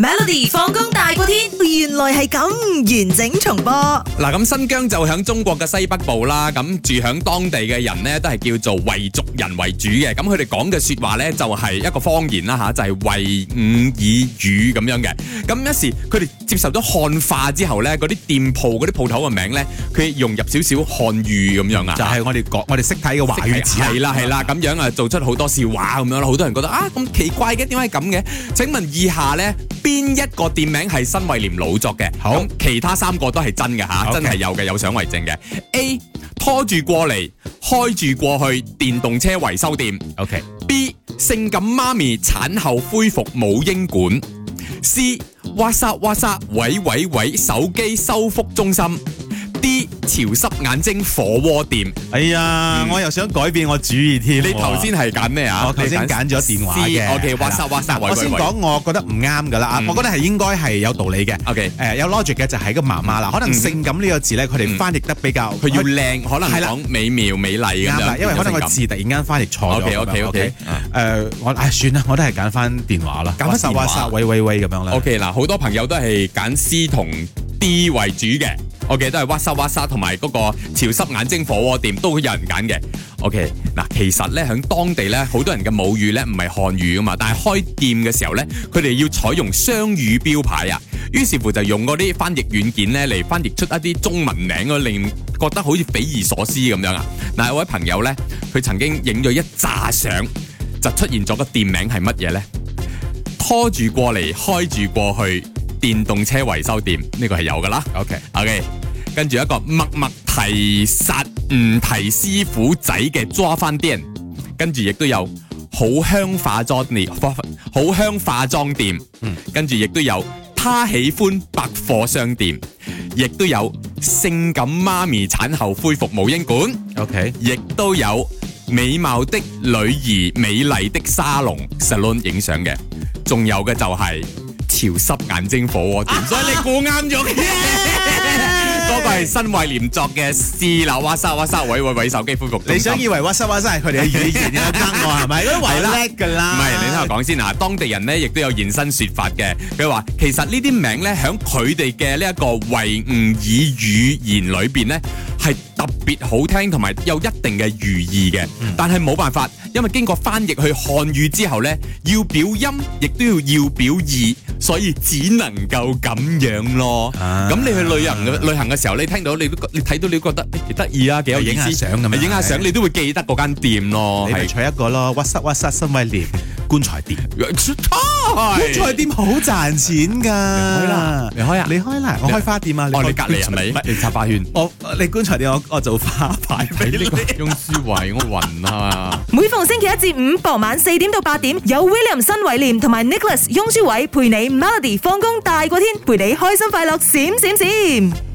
Melody 放工大過天，原來係咁完整重播。嗱，咁新疆就響中國嘅西北部啦，咁住響當地嘅人咧，都係叫做維族人為主嘅，咁佢哋講嘅說話呢，就係一個方言啦吓，就係維吾爾語咁樣嘅。咁一時佢哋接受咗漢化之後呢，嗰啲店鋪嗰啲鋪頭嘅名呢，佢融入少少漢語咁樣啊。就係我哋講，我哋識睇嘅華語詞係啦係啦，咁樣啊，做出好多笑話咁樣，好多人覺得啊咁奇怪嘅，點解係咁嘅？請問以下呢。邊一個店名係新維廉老作嘅？好，其他三個都係真嘅吓，Okay. 真係有嘅，有相為證嘅。A 拖住過嚟，開住過去，電動車維修店。OK。B 性感媽咪產後恢復母嬰館。C 哇塞哇塞，喂喂喂，手機修復中心。潮濕眼睛火鍋店，哎呀，我又想改變我主意添。你頭先係揀咩呀？我頭先揀咗電話嘅 OK，哇塞哇塞，我先講，我覺得唔啱㗎啦。我覺得係應該係有道理嘅。OK，誒，有 logic 嘅就係個媽媽啦。可能性感呢個字咧，佢哋翻譯得比較，佢要靚，可能係講美妙、美麗咁樣。啱啦，因為可能個字突然間翻譯錯咗。OK OK OK。誒，我唉算啦，我都係揀返電話啦。哇塞哇塞，喂喂喂咁樣啦。OK，嗱，好多朋友都係揀 C 同 D 為主嘅。O.K. 都係挖沙挖沙，同埋嗰個潮濕眼睛火鍋店都會有人揀嘅。O.K. 嗱，其實呢，響當地呢，好多人嘅母語呢唔係漢語啊嘛，但係開店嘅時候呢，佢哋要採用雙語標牌啊，於是乎就用嗰啲翻譯軟件呢嚟翻譯出一啲中文名，令覺得好似匪夷所思咁樣啊！嗱，有位朋友呢，佢曾經影咗一揸相，就出現咗個店名係乜嘢呢？拖住過嚟，開住過去。電動車維修店呢個係有噶啦，OK OK，跟住一個默默提實唔提師傅仔嘅抓飯店，跟住亦都有好香化妝店，好香化妝店，嗯，跟住亦都有他喜歡百貨商店，亦都有性感媽咪產後恢復母嬰館，OK，亦都有美貌的女兒美麗的沙龍 salon 影相嘅，仲有嘅就係。潮濕眼睛火鍋店，所以你估啱咗嘅，嗰、啊、Yeah! 個係新為廉作嘅斯流哇塞哇塞，喂喂喂，手機恢復，你想以為哇塞哇塞係佢哋嘅語言啊？得係咪？係叻係啦，唔係你聽我講先嗱，當地人呢亦都有現身說法嘅。譬如話其實呢啲名呢，喺佢哋嘅呢一個維吾爾語言裏邊呢，係特別好聽同埋有一定嘅寓意嘅。但係冇辦法，因為經過翻譯去漢語之後呢，要表音亦都要要表義。所以只能夠咁樣咯。咁、啊、你去旅行旅行嘅時候，你聽到你都你睇到你都覺得，得、欸、意啊，幾有意思。影下相係咪？影是下相你都會記得嗰間店咯。你嚟取一個咯，WhatsApp，WhatsApp 新威廉。 棺材店，棺材店好賺錢㗎，你開啊，你開啦，我開花店啊，我喺隔籬啊咪，你插花圈，我你棺材店我我做花牌俾呢個，翁書偉我暈啊！每逢星期一至五傍晚四點到八點，有 William、申偉廉同埋 Nicholas 翁書偉陪你 Melody 放工大過天，陪你開心快樂閃閃閃。